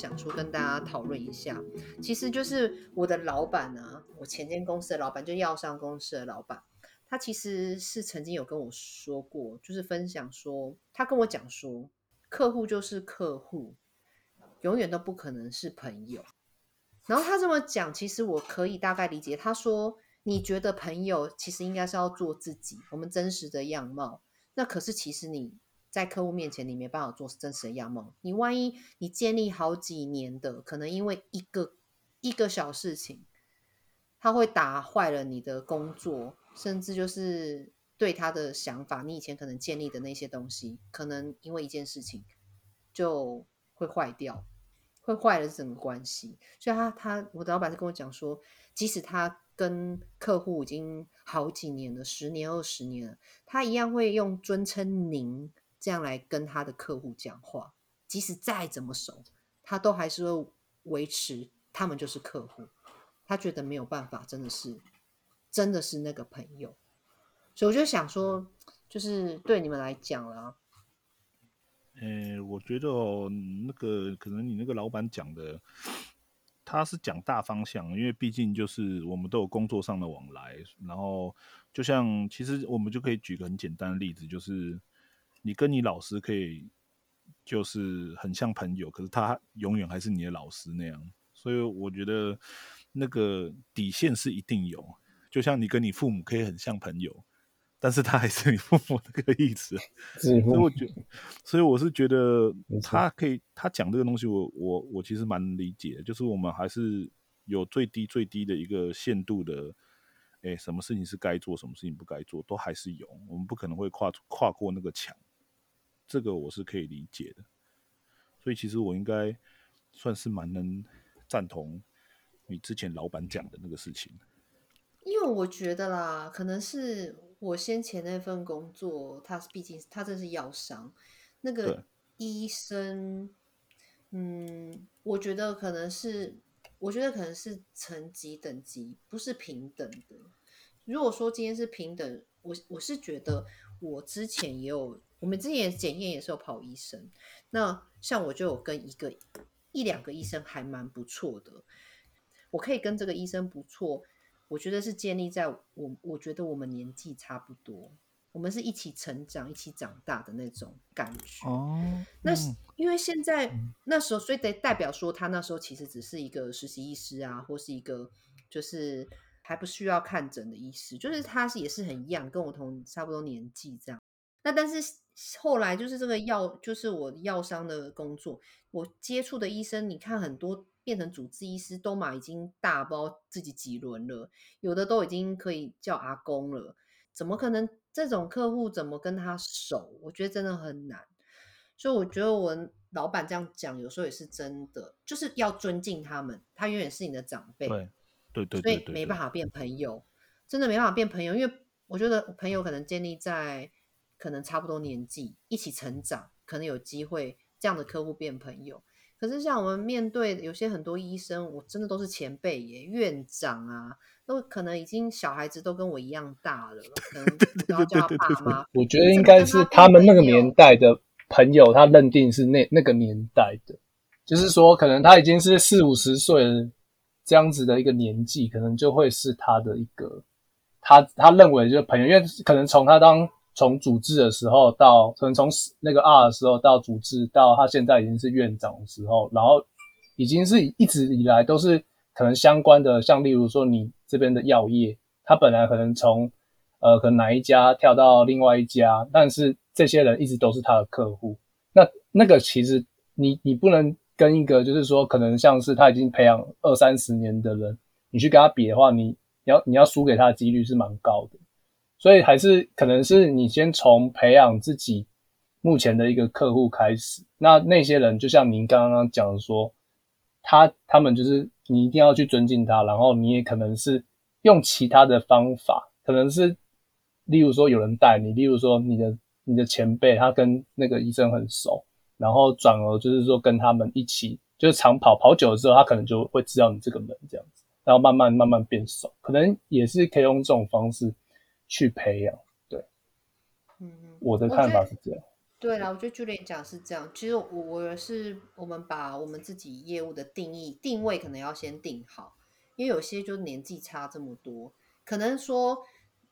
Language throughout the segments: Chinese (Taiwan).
想說跟大家討論一下，其實就是我的老闆呢、啊。我前間公司的老闆，就是藥商公司的老闆，他其實是曾經有跟我說過，就是分享說，他跟我講說，客戶就是客戶，永遠都不可能是朋友。然後他這麼講，其實我可以大概理解，他說你覺得朋友其實應該是要做自己，我們真實的樣貌。那可是其實你。在客戶面前，你沒辦法做真實的樣貌。你萬一你建立好幾年的，可能因為一個一個小事情，他會打壞了你的工作，甚至就是對他的想法，你以前可能建立的那些東西，可能因為一件事情就會壞掉，會壞了整個關係。所以，他他我的老闆就跟我講說，即使他跟客戶已經好幾年了，十年、二十年了，他一樣會用尊稱“您”。這樣來跟他的客戶講話，即使再怎麼熟，他都還是會維持他們就是客戶。他覺得沒有辦法，真的是，真的是那個朋友。所以我就想說，就是對你們來講啦、啊，呃、欸，我覺得哦，那個可能你那個老闆講的，他是講大方向，因為畢竟就是我們都有工作上的往來。然後就像其實我們就可以舉個很簡單的例子，就是。你跟你老師可以就是很像朋友，可是他永遠還是你的老師那樣。所以我覺得那個底線是一定有，就像你跟你父母可以很像朋友，但是他還是你父母那個意思。 所以我覺，所以我是覺得他可以，他講這個東西我，我我我其實蠻理解的，就是我們還是有最低最低的一個限度的，哎、欸，什麼事情是該做，什麼事情不該做，都還是有，我們不可能會跨跨過那個牆。這個我是可以理解的，所以其實我應該算是蠻能贊同你之前老闆講的那個事情。因為我覺得啦，可能是我先前那份工作，他畢竟他這是藥商，那個醫生，嗯，嗯，我覺得可能是，我覺得可能是層級等級不是平等的。如果說今天是平等，我我是覺得。我之前也有，我們之前的檢驗也是有跑醫生。那像我就有跟一個一兩個醫生還蠻不錯的，我可以跟這個醫生不錯，我覺得是建立在我我覺得我們年紀差不多，我們是一起成長、一起長大的那種感覺。哦，嗯。那因為現在那時候，所以得代表說他那時候其實只是一個實習醫師啊，或是一個就是。還不需要看診的醫師，就是他是也是很一樣，跟我同差不多年紀這樣。那但是後來就是這個藥，就是我藥商的工作，我接觸的醫生，你看很多變成主治醫師都嘛已經大包自己幾輪了，有的都已經可以叫阿公了，怎麼可能這種客戶怎麼跟他熟？我覺得真的很難，所以我覺得我老板這樣講有時候也是真的，就是要尊敬他們，他永遠是你的長輩。對。對對對，對，所以沒辦法變朋友。對對對對，真的沒辦法變朋友，因為我覺得朋友可能建立在可能差不多年紀，一起成長，可能有機會這樣的客戶變朋友。可是像我們面對有些很多醫生，我真的都是前輩耶，院長啊，都可能已經小孩子都跟我一樣大了，都 要叫爸媽。 我覺得應該是他們那個年代的朋友，他認定是那那個年代的，就是說可能他已經是四五十歲這樣子的一個年紀，可能就會是他的一個他他認為就是朋友，因為可能從他當從主治的時候，到可能從那個二的時候到主治，到他現在已經是院長的時候，然後已經是一直以來都是可能相關的，像例如說你這邊的藥業，他本來可能從呃可能哪一家跳到另外一家，但是這些人一直都是他的客戶。那那個其實你你不能。跟一個就是說，可能像是他已經培養二三十年的人，你去跟他比的話，你你要你要輸給他的幾率是蠻高的。所以還是可能是你先從培養自己目前的一個客戶開始。那那些人就像您剛剛講的說，他他們就是你一定要去尊敬他，然後你也可能是用其他的方法，可能是例如說有人帶你，例如說你的你的前輩他跟那個醫生很熟。然後轉而就是說跟他們一起，就是長跑跑久了之後，他可能就會知道你這個人這樣子，然後慢慢慢慢變熟，可能也是可以用這種方式去培養。對，嗯，我的看法是這樣。對啦，我覺得教練講是這樣。其實我，我是我們把我們自己業務的定義定位可能要先定好，因為有些就年紀差這麼多，可能說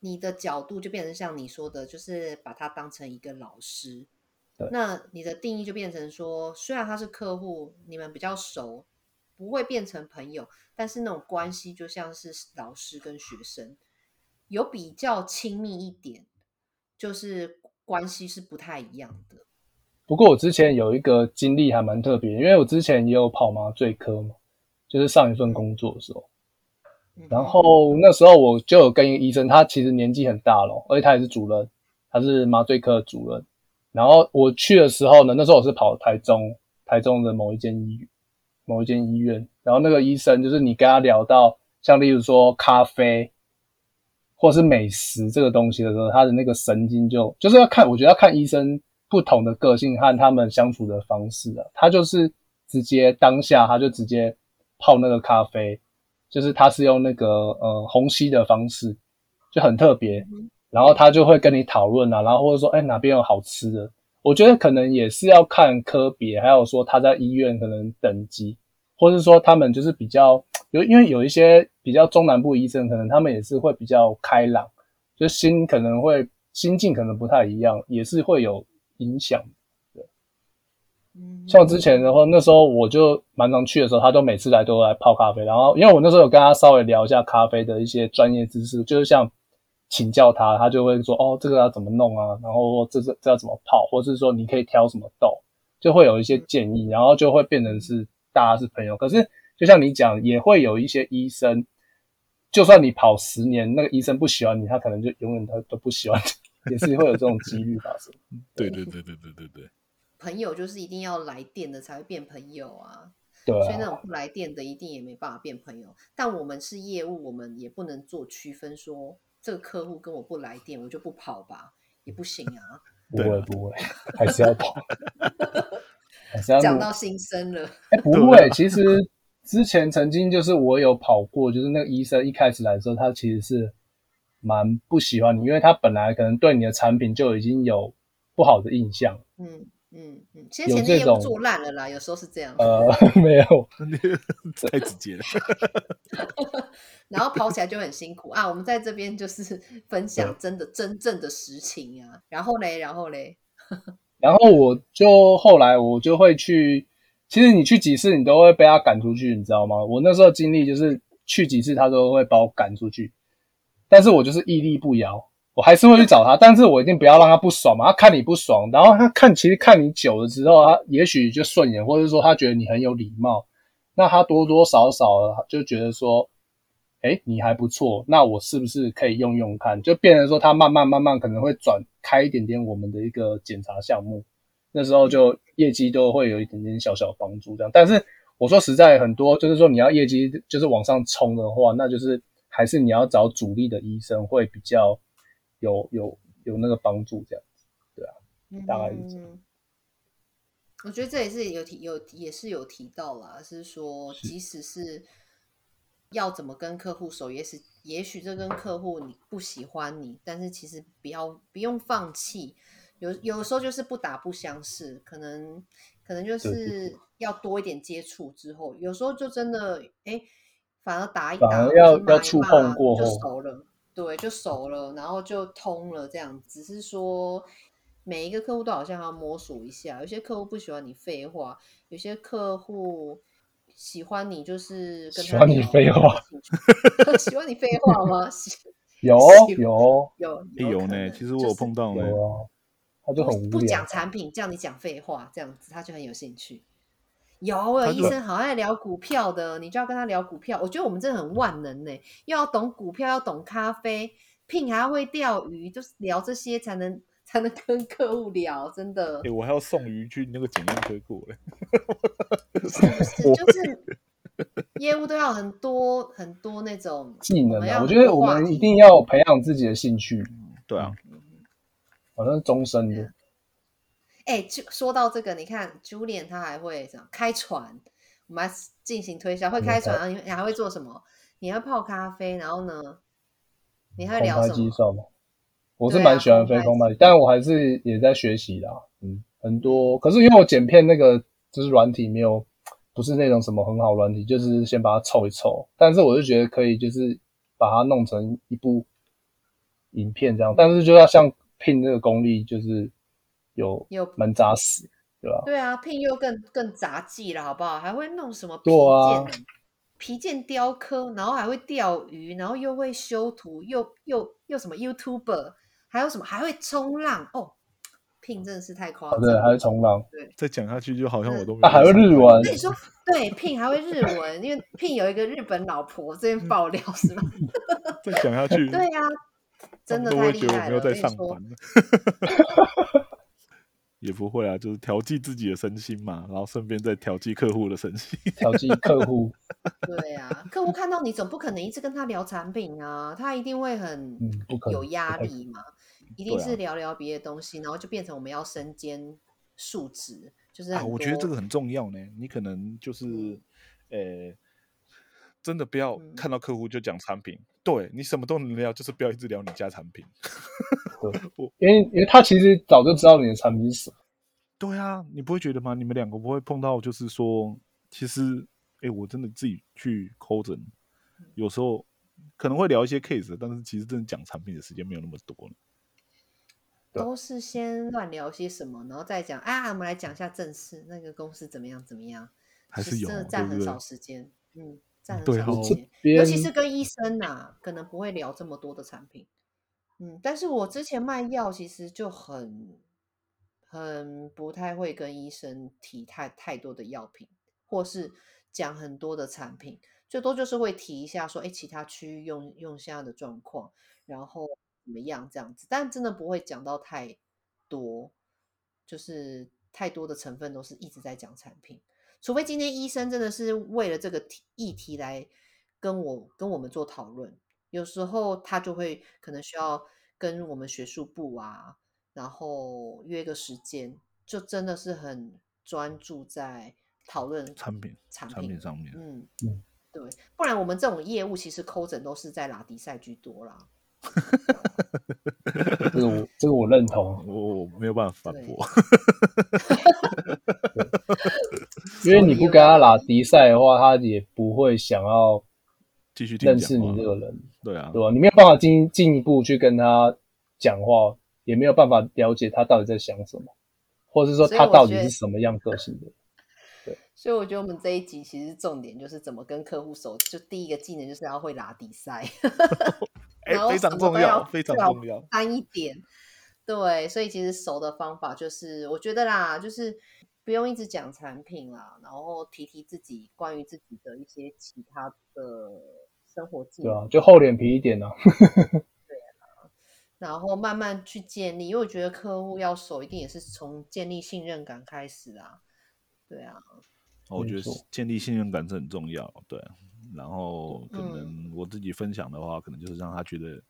你的角度就變成像你說的，就是把他當成一個老師。那你的定義就變成說，雖然他是客戶，你們比較熟，不會變成朋友，但是那種關係就像是老師跟學生，有比較親密一點，就是關係是不太一樣的。不過我之前有一個經歷還蠻特別，因為我之前也有跑麻醉科嘛，就是上一份工作的時候、嗯，然後那時候我就有跟一個醫生，他其實年紀很大了、哦，而且他也是主任，他是麻醉科的主任。然後我去的時候呢，那時候我是跑台中，台中的某一間醫院某一間醫院，然後那個醫生就是你跟他聊到像例如說咖啡，或是美食這個東西的時候，他的那個神經就，就是要看，我覺得要看醫生不同的個性和他們相處的方式啊，他就是直接當下他就直接泡那個咖啡，就是他是用那個呃虹吸的方式，就很特別。然後他就會跟你討論啊，然後或者說，哎，哪邊有好吃的？我覺得可能也是要看科別，還有說他在醫院可能等級，或者是說他們就是比較，有因為有一些比較中南部醫生，可能他們也是會比較開朗，就心可能會心境可能不太一樣，也是會有影響。嗯，像之前的話，那時候我就蠻常去的時候，他都每次來都來泡咖啡，然後因為我那時候有跟他稍微聊一下咖啡的一些專業知識，就是像。請教他，他就會說：“哦，這個要怎麼弄啊？”然後這這這要怎麼跑？或者是說：“你可以挑什麼豆？”就會有一些建議，然後就會變成是大家是朋友。可是就像你講，也會有一些醫生，就算你跑十年，那個醫生不喜歡你，他可能就永遠他都不喜歡你， 也是會有這種幾率發生。對對對對對對對。朋友就是一定要來電的才會變朋友啊，對啊，所以那種不來電的一定也沒辦法變朋友。但我們是業務，我們也不能做區分說，這個客戶跟我不來電，我就不跑吧？也不行啊！不會不會，還是要跑。 還是講到心聲了，哎，不會。其實之前曾經就是我有跑過，就是那個醫生一開始來的時候，他其實是蠻不喜歡你，因為他本來可能對你的產品就已經有不好的印象。嗯。嗯嗯，其實前天也不做爛了啦。有，有時候是這樣。呃，沒有， 太直接了。 然後跑起來就很辛苦啊。我們在這邊就是分享真的、真正的實情啊。然後嘞，然後嘞， 然後我就後來我就會去，其實你去幾次你都會被他趕出去，你知道嗎？我那時候經歷就是去幾次他都會把我趕出去，但是我就是屹立不搖。我還是會去找他，但是我一定不要讓他不爽嘛。他看你不爽，然後他看，其實看你久了之後，他也許就順眼，或者說他覺得你很有禮貌，那他多多少少就覺得說，哎，你還不錯，那我是不是可以用用看？就變成說他慢慢慢慢可能會轉開一點點我們的一個檢查項目，那時候就業績都會有一點點小小幫助這樣。但是我說實在很多，就是說你要業績就是往上衝的話，那就是還是你要找主力的醫生會比較。有有有那個幫助這樣子，對啊，嗯、大概意思。我覺得這也是有提有也是有提到啦，是說，即使是要怎麼跟客戶熟，也是也許這跟客戶你不喜歡你，但是其實不要不用放棄。有有時候就是不打不相識，可能可能就是要多一點接觸之後，有時候就真的哎、欸，反而打一而要打要要觸碰過後就熟了。對，就熟了，然後就通了，這樣子。只是說每一個客戶都好像要摸索一下，有些客戶不喜歡你廢話，有些客戶喜歡你就是跟他。喜歡你廢話？ 喜歡你廢話嗎？ 有 有有有呢、就是，其實我有碰到呢，他就很、是、無不，不講產品，叫你講廢話，這樣子他就很有興趣。有啊，我有醫生好愛聊股票的，你就要跟他聊股票。我覺得我們真的很萬能呢、欸，又要懂股票，要懂咖啡，聘，還要會釣魚，就是聊這些才能才能跟客戶聊。真的、欸，我還要送魚去那個檢驗科過哎，哈哈哈，是不是，就是業務都要很多很多那種多技能、啊。我覺得我們一定要培養自己的興趣，嗯、對啊、嗯，好像是終身的。哎、欸，就說到這個，你看朱 u l 他還會這樣？開船我們 s 進行推銷，會開船、嗯，然後你還會做什麼？你會泡咖啡，然後呢？你還會聊什嗎？我是蠻喜歡飛空麥、啊、但我還是也在學習啦。嗯，很多，可是因為我剪片那個就是軟體沒有，不是那種什麼很好軟體，就是先把它湊一湊。但是我就覺得可以，就是把它弄成一部影片這樣。但是就要像拼那個功力，就是。有有蠻扎實，對吧？對啊，聘又更更雜技了，好不好？還會弄什麼皮件，啊？皮件雕刻，然後還會釣魚，然後又會修圖，又又又什麼 YouTuber，還有什麼還會衝浪哦？聘真的是太誇張了，哦，對，還會衝浪，對，再講下去就好像我都沒有，啊。還會日文，那你說對聘還會日文， 因為聘有一個日本老婆，這邊爆料是吧？ 再講下去，對啊，真的太厲害了。我會覺得我沒有在上班。 也不會啊，就是調劑自己的身心嘛，然後順便再調劑客戶的身心。調劑客戶。 對啊，客戶看到你，總不可能一直跟他聊產品啊，他一定會很、嗯、有壓力嘛。一定是聊聊別的東西，啊、然後就變成我們要身兼數職就是、啊，我覺得這個很重要呢。你可能就是，呃、欸。真的不要看到客戶就講產品，嗯，對，你什麼都能聊，就是不要一直聊你家產品。 因為，因為他其實早就知道你的產品是什麼。對啊，你不會覺得嗎？你們兩個不會碰到就是說，其實哎、欸，我真的自己去摳着你，有時候可能會聊一些 case，但是其實真的講產品的時間沒有那麼多。都是先亂聊些什麼，然後再講。哎、啊，我們來講一下正事，那個公司怎麼樣怎麼樣？還是有真的占很少時間。嗯。對，尤其是跟醫生吶啊，可能不會聊這麼多的產品。嗯，但是我之前賣藥，其實就很很不太會跟醫生提太太多的藥品，或是講很多的產品，最多就是會提一下說，哎，其他區域用用現在的狀況，然後怎麼樣這樣子，但真的不會講到太多，就是太多的成分都是一直在講產品。除非今天醫生真的是為了這個議題來跟我跟我們做討論，有時候他就會可能需要跟我們學術部啊，然後約個時間，就真的是很專注在討論產品產品、產品上面。嗯嗯，對，不然我們這種業務其實摳診都是在拉迪賽居多啦。這個這個我認同，我我沒有辦法反駁。因為你不跟他拉低賽的話，他也不會想要繼續認識你這個人，對啊，對啊，你沒有辦法進進一步去跟他講話，也沒有辦法了解他到底在想什麼，或者是說他到底是什麼樣個性的。對，所以我覺得我們這一集其實重點就是怎麼跟客戶熟，就第一個技能就是要會拉低賽，非常重要，要非常重要，安一點。對，所以其實熟的方法就是，我覺得啦，就是。不用一直講產品啦，然後提提自己關於自己的一些其他的生活自，對啊，就厚臉皮一點呢、啊， 對啊，然後慢慢去建立，因為我覺得客戶要熟一定也是從建立信任感開始啊，對啊，我覺得建立信任感是很重要，對、啊，然後可能我自己分享的話、嗯，可能就是讓他覺得，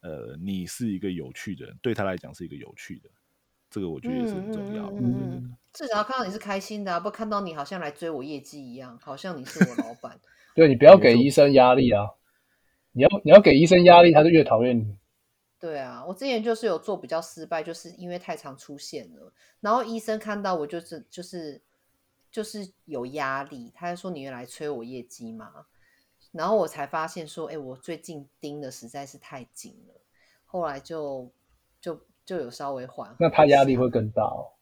呃，你是一個有趣的人，對他來講是一個有趣的，這個我覺得也是很重要的。嗯嗯嗯嗯至少看到你是開心的啊，不看到你好像來追我業績一樣，好像你是我老闆。 對，你不要給醫生壓力啊！你要你要給醫生壓力，他就越討厭你。對啊，我之前就是有做比較失敗，就是因為太常出現了，然後醫生看到我就是就是就是有壓力，他說你原來催我業績嘛，然後我才發現說，哎、欸，我最近盯的實在是太緊了，後來就就就有稍微緩。那他壓力會更大哦。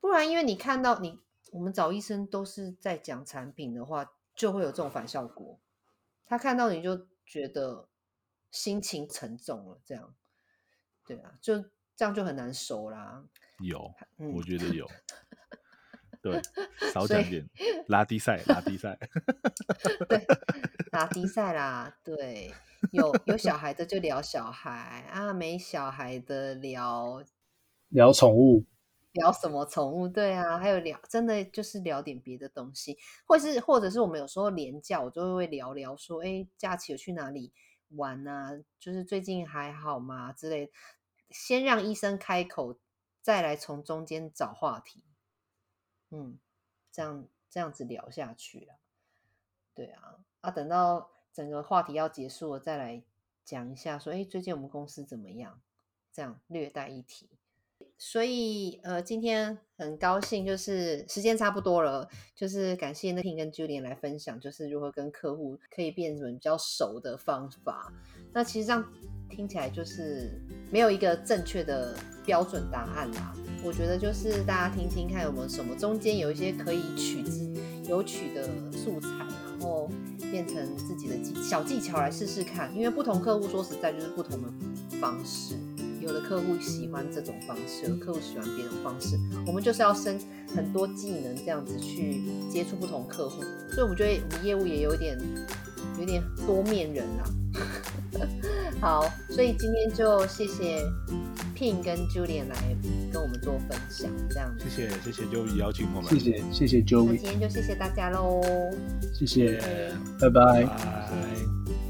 不然，因為你看到你我們找醫生都是在講產品的話就會有這種反效果。他看到你就覺得心情沉重了，這樣對啊，就這樣就很難熟啦。有、嗯，我覺得有。 對，少講一點。拉低賽，拉低賽。 對，拉低賽啦。對，有有小孩的就聊小孩啊，沒小孩的聊聊寵物。聊什麼寵物。對啊，還有聊真的就是聊點別的東西，或者是或者是我們有時候連假，我就會，會聊聊說，哎，假期有去哪裡玩啊，就是最近還好嗎？之類的，先讓醫生開口，再來從中間找話題，嗯，這樣這樣子聊下去了，對啊，啊，等到整個話題要結束了再來講一下，說，哎，最近我們公司怎麼樣？這樣略帶一提。所以，呃，今天很高興，就是時間差不多了，就是感謝 Nathan 跟 Julian 來分享，就是如何跟客戶可以變成比較熟的方法。那其實這樣聽起來就是沒有一個正確的標準答案啦。我覺得就是大家聽聽看有沒有什麼中間有一些可以取之有取的素材，然後變成自己的技小技巧來試試看。因為不同客戶說實在就是不同的方式。有的客戶喜歡這種方式，有客戶喜歡別種方式，我們就是要生很多技能，這樣子去接觸不同客戶。所以，我們覺得我們業務也有點有點多面人啦。 好，所以今天就謝謝 Ping 跟 Julian 來跟我們做分享，這樣子。謝謝，謝謝就邀請我們。謝謝，謝謝 Julian。今天就謝謝大家嘍。謝謝，拜拜。拜拜拜拜。